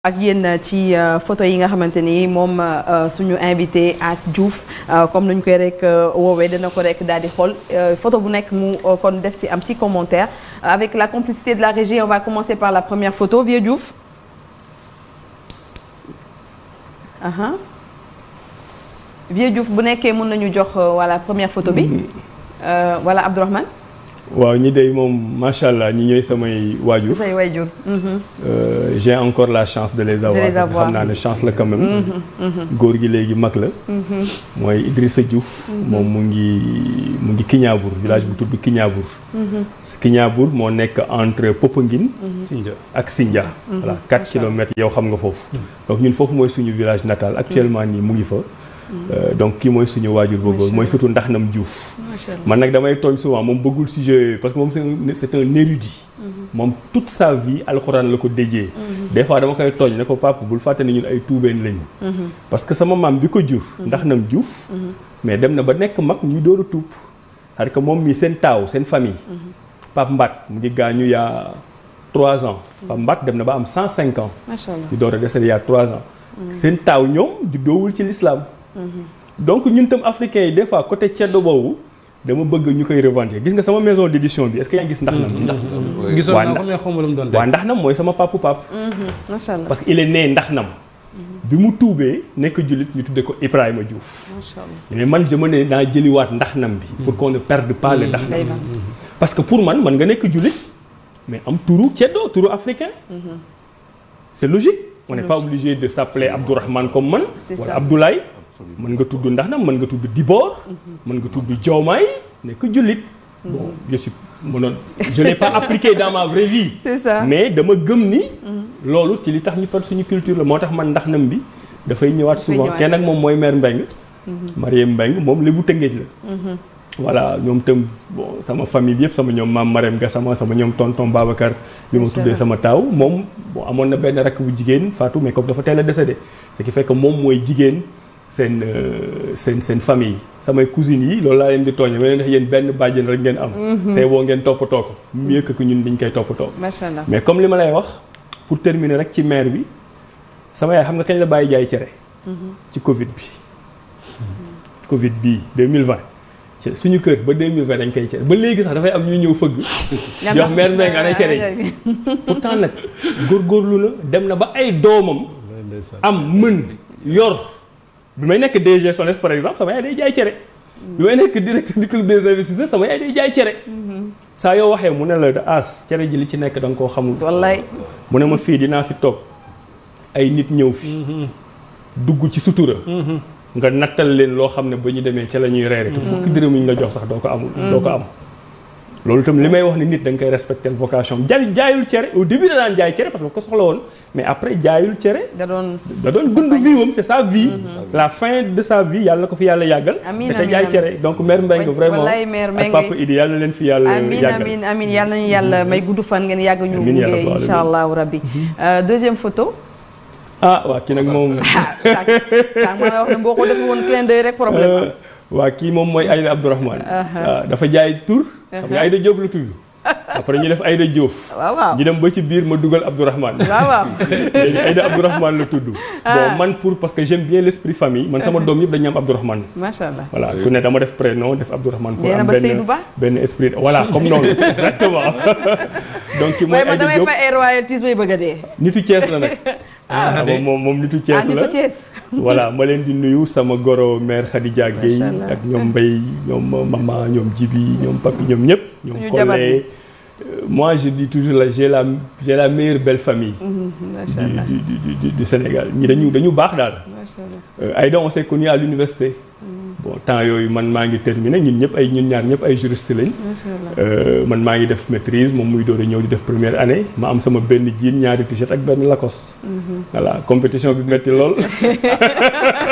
ak yéen euh, ci euh, photo yi nga xamante ni moom euh, suñu invité As Diouf comme nuñ koy rekk woowee dana ko rekk daal di xool photo bu nekk mu kon def si un petit commentaire avec la complicité de la régie on va commencer par la première photo vieux Diouf. aha vieux Diouf bu nekkee mun nañu jox walla première photo bi mm-hmm. voilà Abdourahmane waaw ñi dey moom macha allah ñi ñooy samay waajur. say waajur. Mhm. Euh, j'ai encore la chance de les avoir. de xam naa ne chance la quand mhm, mhm. góor gi léegi mag la. mooy Idrissa Diouf. moom mu ngi mu ngi village bu tudd Kignaabour. Kignaabour moo nekk entre Popenguine. ak si Sindia. voilà 4 kilomètres yow xam nga foofu. donc ñun foofu mooy suñu village nataal actuellement nii mu ngi fa. Euh, donc ki mooy suñu waajur boobu mooy surtout ndax nam Diouf man nag damay tooñ souvent moom bëggul sujet parce que moom c'est un érudit mhm. moom toute sa la ko déjee mhm. des fois dama koy tooñ ne ko papa bul fàtte ne ñun mhm. que sama maam bi ko jur ndax nam Diouf mais dem na ba nekk mag ñuy door a tuub que moom mii seen taaw seen famille Pape Mbatt mu gaañu yaa trois ans Pape Mbatt dem na ba am cent cinq ans di door a desee yaa trois ans seen ñoom juddoowul ci lislaam donc ñun tam africains yi des fois côté ceddo boobu dama bëgg ñu koy revendiquer gis nga sama maison d'édition bi est-ce que gis ndax nam mm-hmm. ndax mm-hmm. gisoon naa ko mais xamuma lu doon waaw ndax nam mooy sama papu pap mm-hmm. macha parce que il est né ndax nam bi mu tuubee nekk jullit ñu tuddee ko Ibrahima Diouf macha allah man je me naa jëliwaat ndax nam bi pour qu'on ne perde pas le ndax nam parce que pour man man nga nekk jullit mais am turu ceddo turu africain c'est logique moo ne pas obligé de s'appeler Abdourahmane comme man wala Abdoulaye mën nga tudd ndax nag mën nga tudd Dibor. mën nga tudd Diomaye nekk jullit. bon mm-hmm. je suis mënoon je l'ai pas appliqué dans ma vraie mais dama gëm ni. Mm-hmm. loolu ci li tax ñu par suñu culture la moo tax man ndax nam bi dafay ñëwaat souvent te nag moom mooy mère Mbengue. Mm-hmm. Mariem Mbengue moom lébu Tëngéej la. voilà ñoom tam bon sama famille yëpp sama ñoom maam Marème Gassama sama ñoom tonton Babacar bi ma tuddee sama taaw moom bon amoon na benn rakk bu jigéen Fatou mais comme dafa teel a décédé moom mooy jigéen. seen euh, seen seen famille samay cousines yi loolu laa leen di tooñe ma leen yéen benn bàjjen rek ngeen am mhm. say woo ngeen toppatoo ko mieux que ñun biñ koy toppatoo macha allah mais comme li ma wax pour terminer rek ci maire bi sama xam nga kañ la bàyyi jaay cere mhm. ci covid bi covid bii 2020 suñu kër ba 2020 dañ koy cere ba léegi sax dafay am ñuy ñëw fëgg jox maire mbay nga ne cere yi pourtant nag góorgóorlu na dem na ba ay doomam am mën yor bi may nekk DG par exemple sama yaay day jaay cere. bi may nekk directeur du club des investisseurs sama yaay day jaay cere. Mm-hmm. saa yoo waxee mu ne la da as cere ji li ci nekk da nga koo xamul. mu ne ma fii dinaa fi toog ay nit ñëw fi. Mm-hmm. dugg ci sutura. Mm-hmm. nga nattal leen loo xam ne ba ñu demee ca la ñuy reere te fukki dërëm ñu la jox sax doo ko amul. doo ko am. loolu itam li may wax ni nit da nga respecte respecté vocation am jaay jaayul cere au début da daan jaay cere parce que daf ko soxla woon mais après jaayul cere. da doon da doon dund mm-hmm. sa vie. la fin de sa vie yàlla na ko fi yàlla yàggal. amiin amiin jaay cere donc mère Mbengue vraiment ak papa Idi yàlla na leen fi yàlla yàggal amiin amiin yàlla nañu yàlla mm-hmm. may gudd fan ngeen yàgg ñu. amiin yàlla bu incha allahu rabbi mm-hmm. euh, deuxième photo. ah waa kii nag moom. ah sànq ma la wax ne boo ko defee woon clin d'œil rek problème. Euh, waa kii moom mooy uh-huh. ah, dafa jaay tur xam nga Ayda Diop la tudd. après ñu def Ayda Diouf. ñu dem ba ci biir ma dugal Abdourahmane. waaw waaw léegi Ayda Abdourahmane la tudd. Ah. bon man pour parce que j'aime bien l'esprit famille man sama doom yëpp dañu am Abdourahmane. macha allah voilà ku ne dama def prénom def Abdourahmane. pour am benn benn esprit voilà comme noonu exactement. donc mooy Ayda Diop damay fay ay royalties may a dee. nitu Thiès la nag. Ah, ah, moom moom nitu Thiès la voilà ma leen di nuyu sama goro mère Khadija Gueye ak ñoom Mbaye ñoom mama ñoom Jibi ñoom papi ñoom ñëpp ñoom collègue euh, moi je dis toujours la j'ai la j'ai la meilleure belle famille mm-hmm, du du du Sénégal ñi dañu dañu baax daal euh, Aïda on s'est connu à l'université bon temps yooyu man maa ngi terminé ñun ñëpp ay ñun ñaar ñëpp ay juriste lañ. Euh, man maa ngi def maîtrise moom muy door a ñëw di def première année ma am sama benn jean ñaari t-shirt ak benn Lacoste. Mhm. voilà compétition bi metti lool.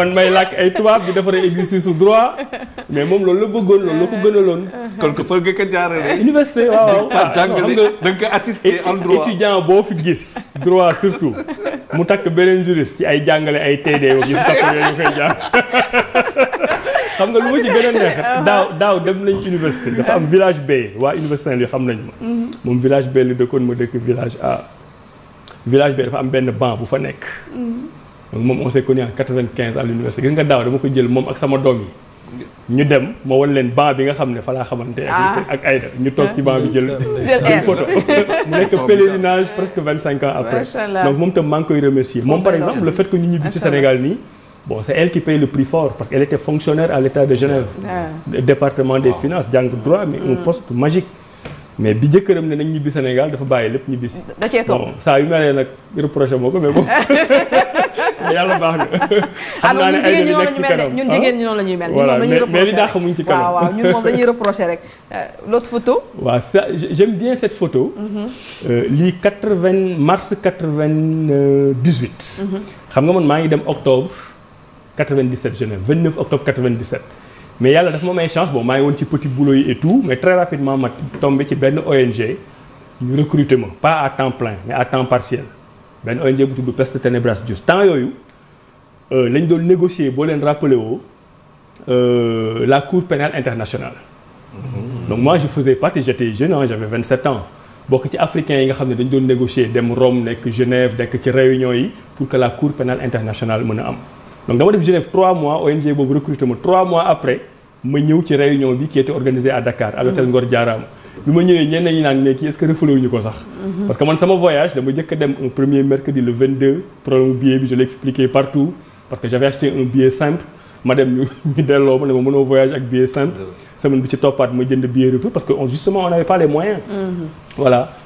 man may làkk ay tubaab di defaree exercice su droit mais moom loolu la bëggoon loolu la ko gënaloon. kon ko fël nga ko jaarale. Ah, université waaw waaw waaw xam nga da nga assister en boo fi gis droit surtout mu takk beneen juriste ci ay jàngale ay TD yu mu takk yooyu nga lu ma ci gën neex uh-huh. daaw daaw dem nañ université dafa am village B waa université Saint-Louis xam nañ ma. Mm-hmm. moom village B la dëkkoon ma dëkk village A. village B dafa am benn banc bu fa nekk. Mm-hmm. donc moom on s'est connu en 95 à l'université gis nga daaw dama ko jël moom ak sama doom yi ñu dem ma wan leen banc bi nga xam ne fa laa xamante ak ah. Aïda ñu toog ci banc bi jël une photo mu nekk pèlerinage presque vingt cinq ans après donc moom tam maa ngi koy remercier moom par exemple le fait que ñu ñibbi si Sénégal nii bon c'est elle qui paye le prix fort parce qu'elle était fonctionnaire à l'État de Genève ah. département des finances jàng droit mm. mais bi jëkkëram ne nañ ñibbi Sénégal dafa bàyyi lépp ñibbi si bon saa yu yàlla baax na. xam ah naa ne ay noonu la ñuy mel ñun voilà mais li dàq mu ngi ci kanam waaw waaw moom dañuy reproché rek. Euh, l'autre photo. waaw ça j'aime bien cette photo. Mm-hmm. Euh, lii quatre vingt mars quatre vingt dix huit. Mm-hmm. xam nga man maa ngi dem octobre quatre vingt dix sept Genève vingt neuf octobre quatre vingt dix sept. mais yàlla dafa ma may chance bon maa ngi woon ci petit boulot yi et tout mais très rapidement ma tombé ci benn ONG ñu recruter ma pas à temps plein à temps partiel. benn ONG bu tudd Peste Ténébras Dios temps yooyu euh, lañ doon négocier boo leen rappelé woo euh, la cour pénale internationale. Mm-hmm. donc moi je faisais partie j'étais jeune ah j'avais 27 ans bokk ci africains yi nga xam ne dañ doon négocier dem Rome nekk Genève nekk ci réunion yi pour que la cour pénale internationale mën a am. donc dama def Genève 3 mois ONG boobu recruté ma 3 mois après ma ñëw ci réunion bi qui était organisée à Dakar à l'hôtel mm-hmm. Ngor ko sax. Mhm. parce que man sama voyage dama jëkk a dem un premier mercredi le 22 problème billet bi je l'ai partout parce que j'avais acheté un billet simple ma dem ñu ñu delloo ma ne ma mënoo voyage ak billet simple semaine bi ci toppaat ma jënd billet retour parce que on justement on n'avait pas les mhm.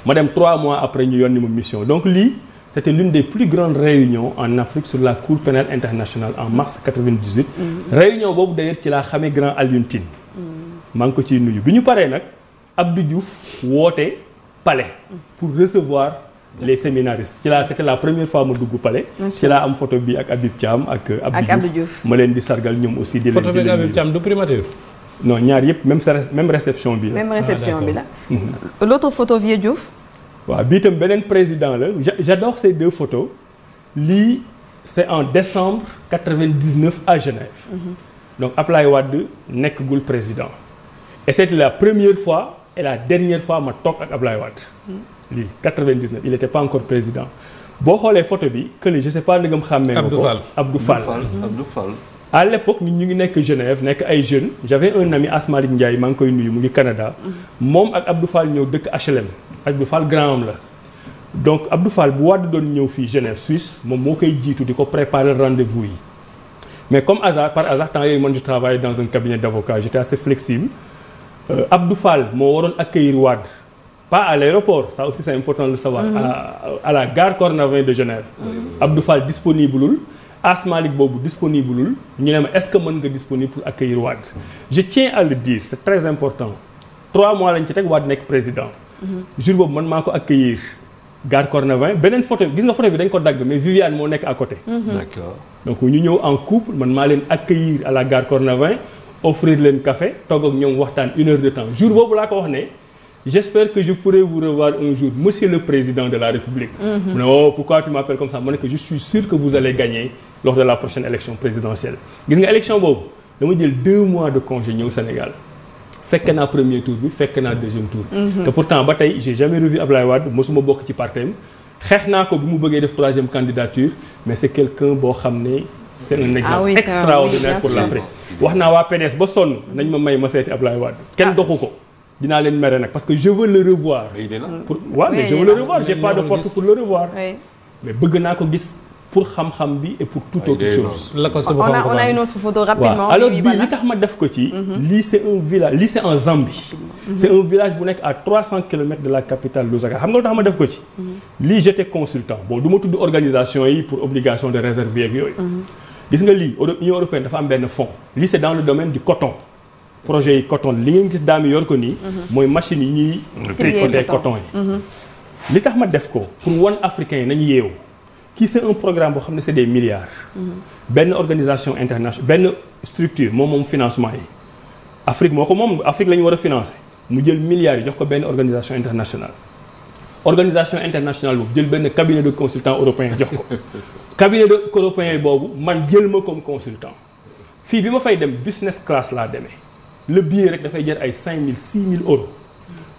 ma dem trois mois après ñu yónni ma mission donc lii c'était l'une des plus grandes réunions en Afrique sur la Cour pénale internationale en mars mhm. réunion boobu d'ailleurs ci laa xamee grand Alioune maa ngi ko ciy bi ñu paree nag Abdou Diouf woote palais pour recevoir les séminaristes ci laa c'était la première fois ma dugg palais ci laa am photo bi ak Habib Thiam ak Abdou Diouf ma leen di sargal ñoom aussi di leen photo bi ak Habib Thiam du primature non ñaar yëpp même même réception bi la même réception ah, bi la l'autre photo Vieux waaw bii tam beneen président la j'adore ces deux photos lii c'est en décembre 99 à Genève mhm. donc Ablaye nekk nekkagul président et c'était la première fois et la dernière fois ma toog ak Ablaye Wade. Hmm. lii 99 il était pas encore président boo xoolee photo bi que li je sais pas ndegam xàmmee. Abdou Fall Abdou Fall Abdou Fall. à l'époque ñu ngi nekk Genève nekk ay jeunes j'avais na ami Asmalik Ndiaye maa ngi koy nuyu mu ngi Canada. Hmm. moom ak Abdou faal ñëw dëkk HLM. Abdou Fall grand am la. donc Abdou Fall bu Wade doon ñëw fii Genève Suisse moom moo koy jiitu di ko préparer rendez-vous yi mais comme hasard par hasard temps yooyu Euh, Abdou Fall moo waroon accueillir Wade pas à l'aéroport ça aussi c'est important de le savoir mmh. à, à la gare Cornavin de Genève mhm. Abdou Fall disponiblewul Asmalik boobu disponiblewul ñu ne ma est-ce que mën nga disponible pour accueillir Wade je tiens à le dire c'est très important trois mois lañ ci teg Wade nekk président mhm. jour boobu man maa ko accueillir gare Cornavin beneen photo gis nga photo bi dañ ko dagg mais Viviane moo nekk à côté mhm. d'accord donc ñu ñëw en couple man maa leen accueillir à la gare Cornavin offrir leen café togg ak ñoom waxtaan une heure de temps jour boobu laa ko wax ne j'espère que je pourrai vous revoir un jour monsieur le président de la république mhm. mu ne oh pourquoi tu m'appelles comme ça ma ne que je suis sûr que vous allez gagner lors de la prochaine élection présidentielle gis nga élection boobu dama jël deux mois de congé ñëw Sénégal fekk naa premier tour bi fekk naa deuxième tour mhm. te pourtant ba tey j'ai jamais revu Ablaye Wade se un ah exemple extraordinaire pour l'Afrique wax naa waa PDS ba sonn nañ ma may ma seeti Ablaye Wade kenn ah. doxu ko dinaa leen mere nag parce que je veux le revoir pour waaw mais je veux le revoir j'ai pas de porte pour le revoir mais bëgg naa ko gis pour xam-xam bi et pour toute ah, autre chose la ko on a on alors bii li tax ma def ko ci mhm. lii c'est un village lii c'est en Zambie mhm. c'est un village bu nekk à 300 kilomètres de la capitale Lusaka xam nga lu tax ma def ko ci mhm. lii j'étais consultant ma tudd organisation yi pour obligation de réserve yeeg gis nga lii Union européenne dafa am benn fonds lii c'est dans le domaine di coton projet yi coton li ngeen gis daami yoon ko nii mhm. mooy machine yi ñuy tricoter coton yi mhm. li tax ma def ko pour wan africains yi nañu yeewu kii c'est un programme boo xam ne c'est des milliards mhm. benn organisation internationale benn structure moom moom financement yi Afrique moo ko moom Afrique la ñu war a financer mu jël milliards yi jox ko benn organisation internationale organisation internationale boobu jël benn cabinet de consultant européen jox ko cabinet de européen boobu man jël ma comme consultant fii bi ma fay dem business class laa demee le billet rek dafay jël ay cinq mille 5000 6000 euros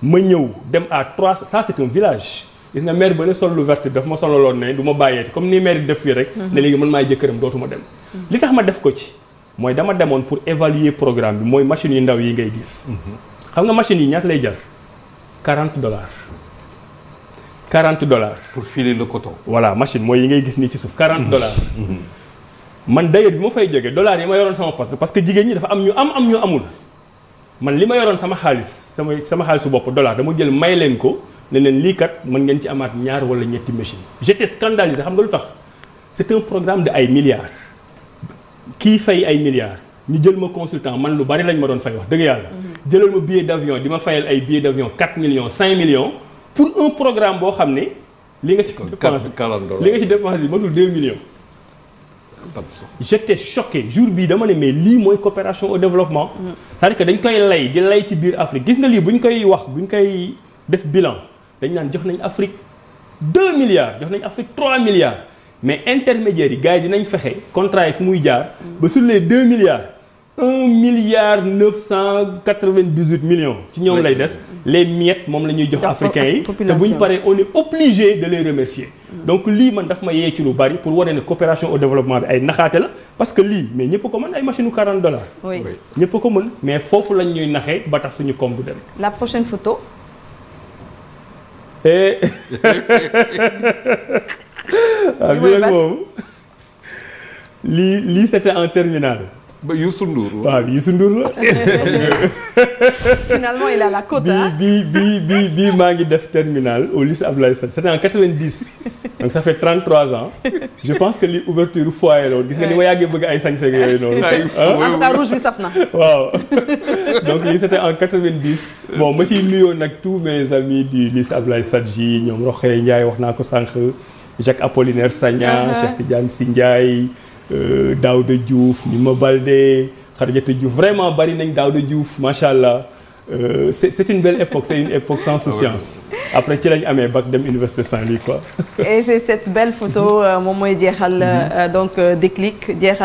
ma ñëw dem à 3 ça c'est un village gis nga maire ba ne sol lu verte daf ma sololoon ne du ma bàyyeeti comme ni maire def fii rek. Mhm. ne léegi man maay jëkkëram dootuma dem. Mhm. li tax ma def ko ci mooy dama demoon pour évaluer programme bi mooy machine yu ndaw yi ngay gis. Mhm. xam nga machine yi ñaata lay jar 40 dollars. 40 dollars. pour filer le coton. voilà machine mooy yi ngay gis nii ci suuf 40 dollars. man d'ailleurs bi ma fay jógee dollars yi ma yoroon sama poste parce que jigéen ñi dafa am ñu am am ñu amul. man li ma yoroon sama xaalis sama sama xaalisu bopp dollar dama jël may leen ko ne leen lii kat mën ngeen ci amaat ñaar wala ñetti machine j'étais scandalisé xam nga lu tax c'est un programme de ay milliards. kii fay ay milliards ñu jël ma consultant man lu bari lañ ma doon fay wax dëgg yàlla. Mhm. jëlal ma billet d'avion di fayal ay billet d'avion 4 millions 5 pour un programme boo xam ne li nga ci dépense li nga ci dépense bi matul 2 millions j'étais choqué jour bii dama ne mais lii mooy coopération au développement mm. c'est-à-dire que dañ koy lay di lay ci biir Afrique gis nga lii bu ñu koy wax bu ñu koy def bilan dañ naan jox nañ Afrique 2 milliards jox nañ Afrique 3 milliards mais intermédiaires yi gars yi dinañ fexe contrat yi fu muy jaar mm. ba sur les 2 milliards un milliard neuf cent quatre-vingt-dix-huit million ci ñoom lay des les miettes moom la ñuy jox africains yi te bu ñu paree on est obligé de les remercier. Mm. donc lii man daf ma yee ci lu bari pour wane ne coopération au développement bi ay naxaate la parce que lii mais ñëpp ko mën ay machine u 40 dollars. oui ñëpp ko mën mais foofu lañ ñuy naxee ba tax suñu koom du dem. la prochaine photo. waaw bi nag moom lii lii c'était en terminale. ba Youssou Ndour. waaw a la cote bii bii bii bii maa ngi def terminal au lycée Abdoulaye Sall c'était en 90 donc ça fait 33 ans je pense que li ouverture foyer la woon gis nga ni ma yàggee bëgg ay sañ-sañ yooyu noonu. en tout cas rouge bi saf na. waaw donc lii c'était en 90 bon ma ci nuyoon nag tous mes amis du lycée Abdoulaye Sadji ñoom Roxé Ndiaye wax naa ko sànq Jacques Apollinaire Sagna Cheikh Tidiane si Ndiaye. Euh, Daouda Diouf Nima Baldé Khadijata Diouf vraiment bari nañ Daouda Diouf macha allah euh, c'est c'est une belle époque c'est une époque sans ah souciance après ci lañ amee bac dem Université Saint-Louis quoi. et c'est cette belle photo euh, moom mooy jeexal mhm. donc déclic jeexal.